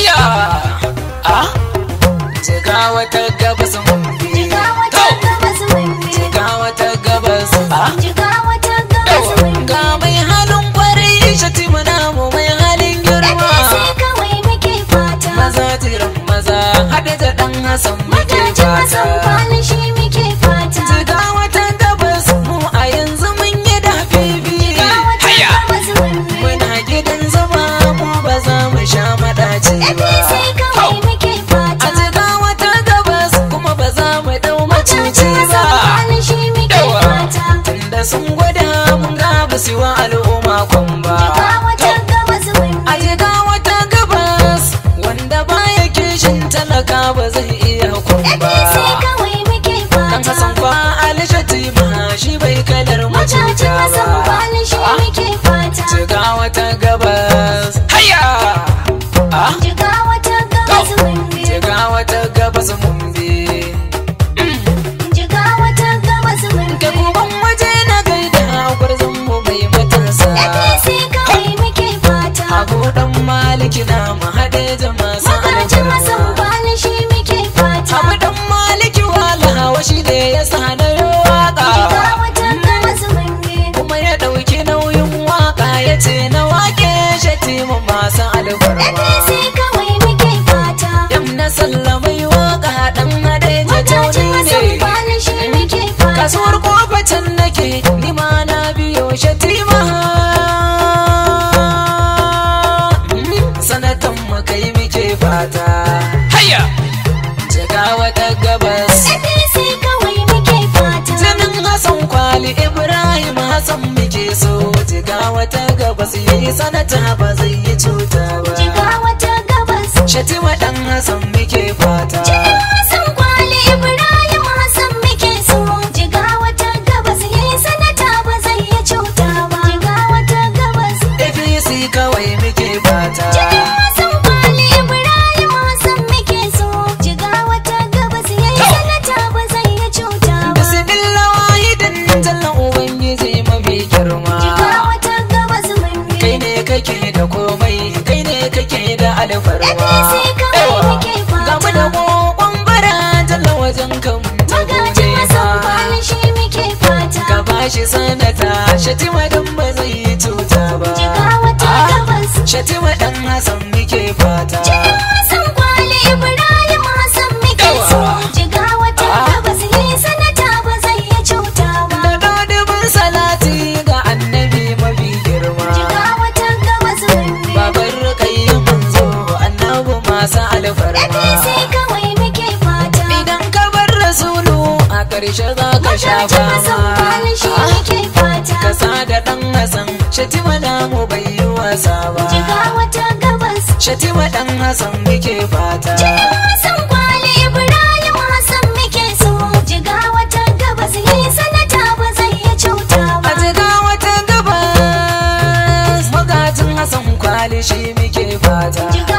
Aya! Ah? Jigawa ta gabas mun fi. Jigawa ta gabas mun fi. Jigawa ta gabas. Ah? Jigawa ta gabas mun fi. Ga mai halin kwarai shatima namu mai halin girma. Ɗan kawai muke fata. Maza jiran maza. Haɗe da ɗan Hassan muke fata. Mataji Hassan kwalin shi ba su wa al'umma kun ba kiɗa mu haɗe jama sa'adatu shi muke fata abu maliki wala hawa shi ne ya waka kuma ya ɗauki nauyin waka ya ce na wake shati mu masu alfarma kawai muke fata na waka kasuwar kofacin nake nima na biyo shati gabas yi sanata ba zai yi cuta ba jigawa ta gabas shatiwa dan hasan muke fata sun da ta shi tiwa da Shatima ɗan Hassan muke fata. Hassan kwali Ibrahim Hassan muke so. Jiga wata gabas yi sanata ba zai yi cuta A jiga wata gabas magajin Hassan Kwale shi muke fata.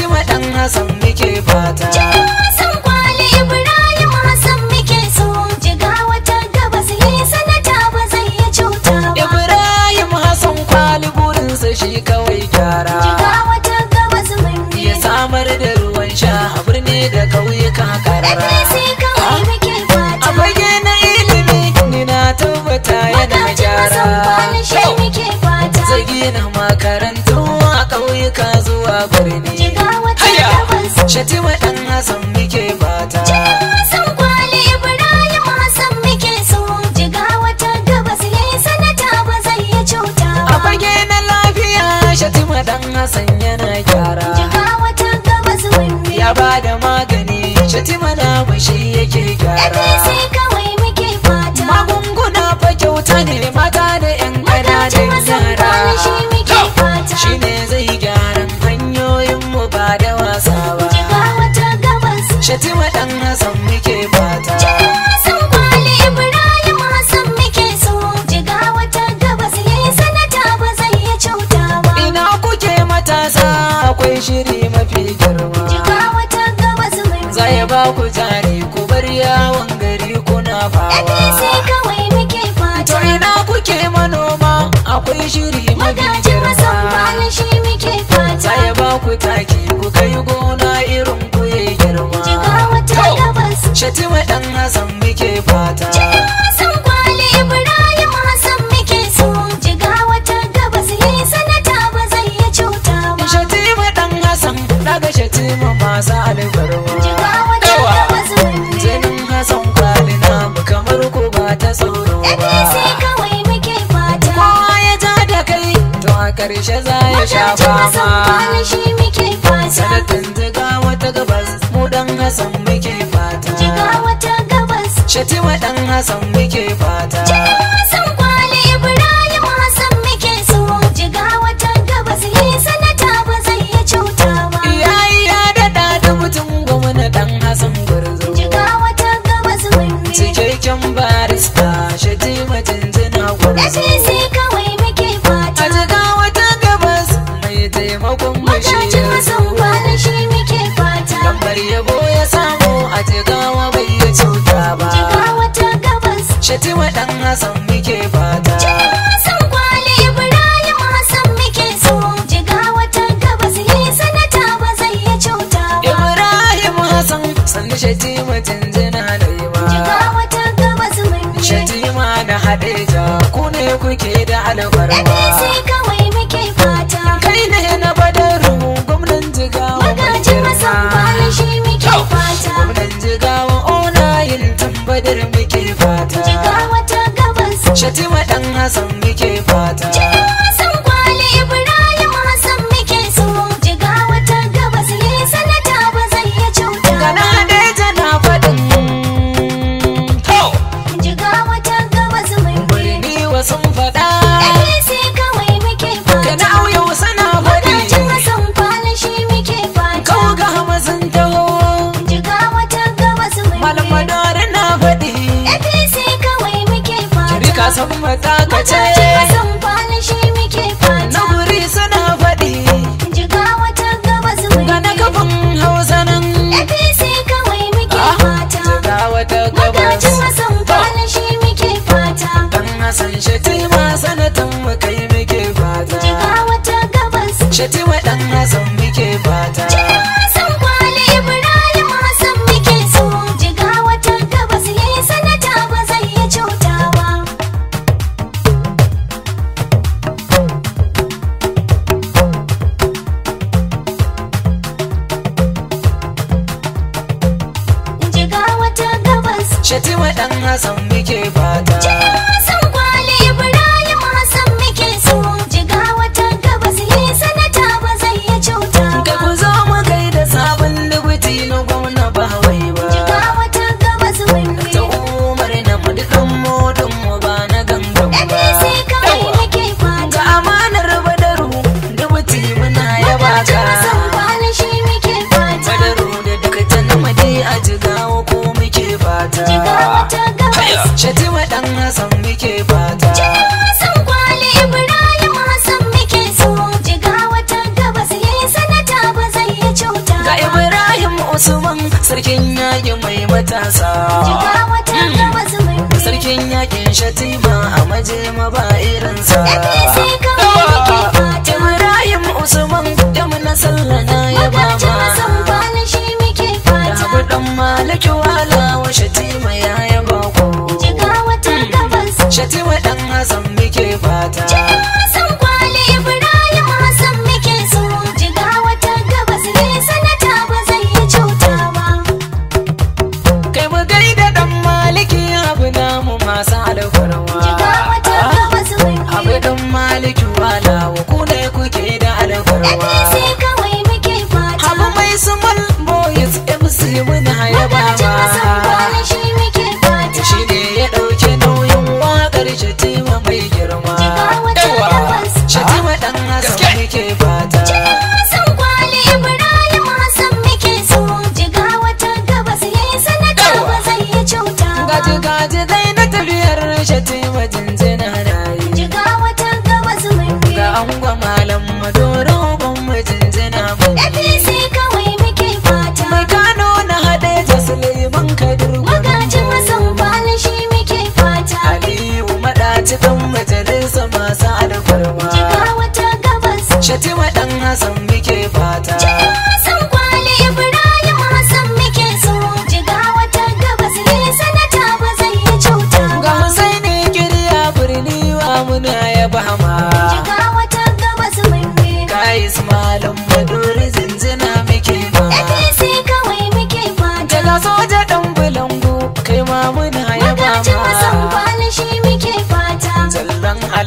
Fatima dan Hassan muke fata. Jikin Hassan kwali Ibrahim Hassan muke so. Jiga wata gabas yi sanata ba zai yi cuta ba. Ibrahim Hassan kwali burinsa shi kawai gyara. Jiga wata gabas mun Ya samar da ruwan sha a birni da ƙauyuka karara. Ah, a fage na ilimi ni na tabbata yana gyara. Zagi na makarantu a ƙauyuka zuwa birni. Shatiwa ɗan Hassan yawon gari kuna fawa sai kawai muke fata to ina kuke manoma akwai shiri magaji musamman shi muke fata sai ba ku taki ku kai gona irin ku yi girma jiga wata gabas shatima ɗan hasan muke fata karshe za ya sha fama sanatin jiga wata gabas mu dan hasan muke fata jiga wata gabas wa dan hasan muke fata Fatima ɗan Hassan muke fata. ta gabas Magajin Hassan shi muke fata Dan Hassan Shatima sanatan mu kai muke fata Jigawa ta gabas Shatima dan Hassan muke fata Shati wa ɗan Hassan muke fata. shatima dan hasan muke fata hasan kwali ibrahim hasan muke so jiga wata sanata ba zai yi cuta ga ibrahim usman sarkin yaƙi mai matasa mai mm. sarkin yaƙin shatima a maje ma ba irinsa ibrahim usman ya muna sallana ya shi muke fata da malaki wala shatima ya it.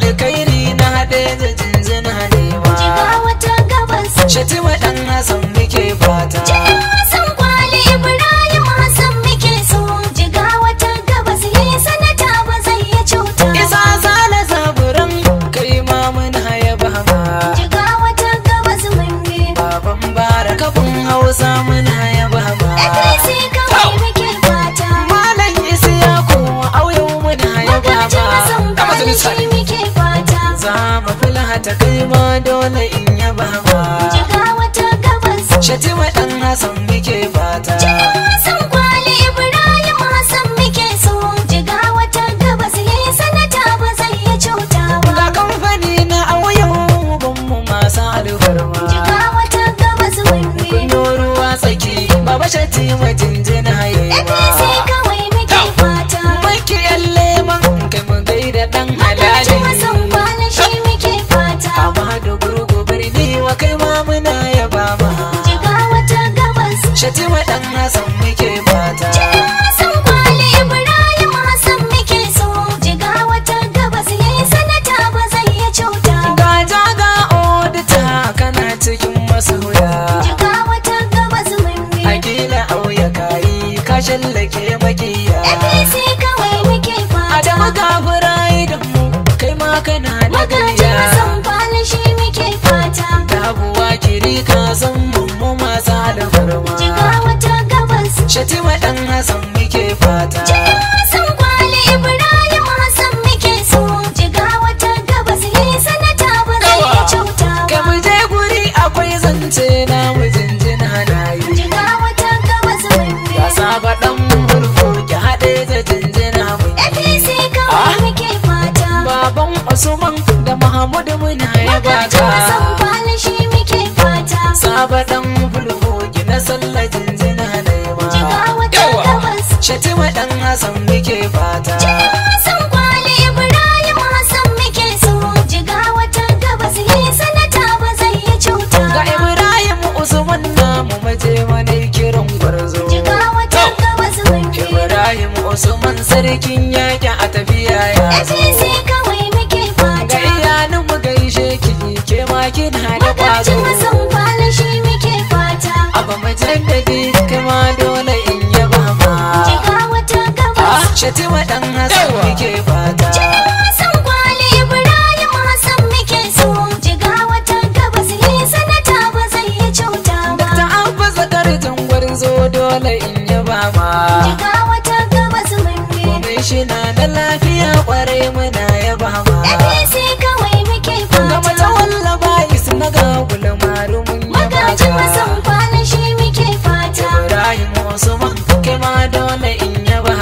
alkairi na haɗe da jinjin hanewa. Jiga wata gabas. Shatiwa ɗan Hassan wa ɗan Hassan muke fata. Fatima Hassan muke fata. Cikin Hassan Kwale Ibrahim Hassan muke so jiga wata gabas yi sanata ba zai yi cuta. Ga Ibrahim Usman namu maje mana kiran gwarzo. Jiga wata gabas mun Ibrahim Usman sarkin yaki a tafiya ya shatiwa ɗan hasan muke fata san kwali ibrahim hasan muke so jiga wata gabas ne sanata ba zai yi cuta ba ta abba zakar zo dole in yaba ma jiga wata gabas mun ne shi na da lafiya kwarai mana.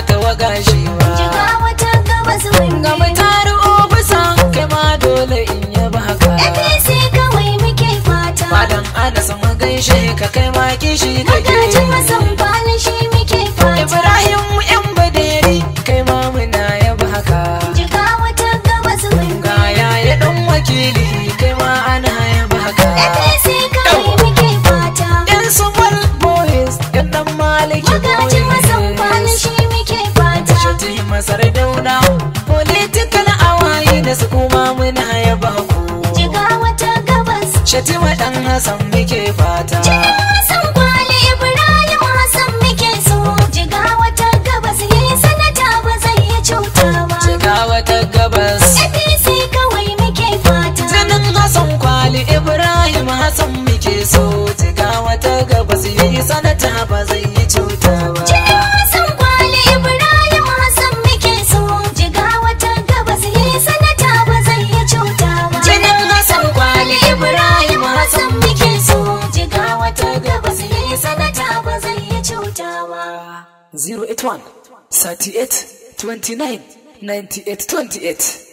ba ta waga shi ba jiga wata gabas mun ga mutaru ofisa kai ma dole in yaba haka APC kawai muke fata madan ana sama gaishe ka kai ma kishi kake ji Shatima ɗan Hassan muke fata. 29, 98, 28.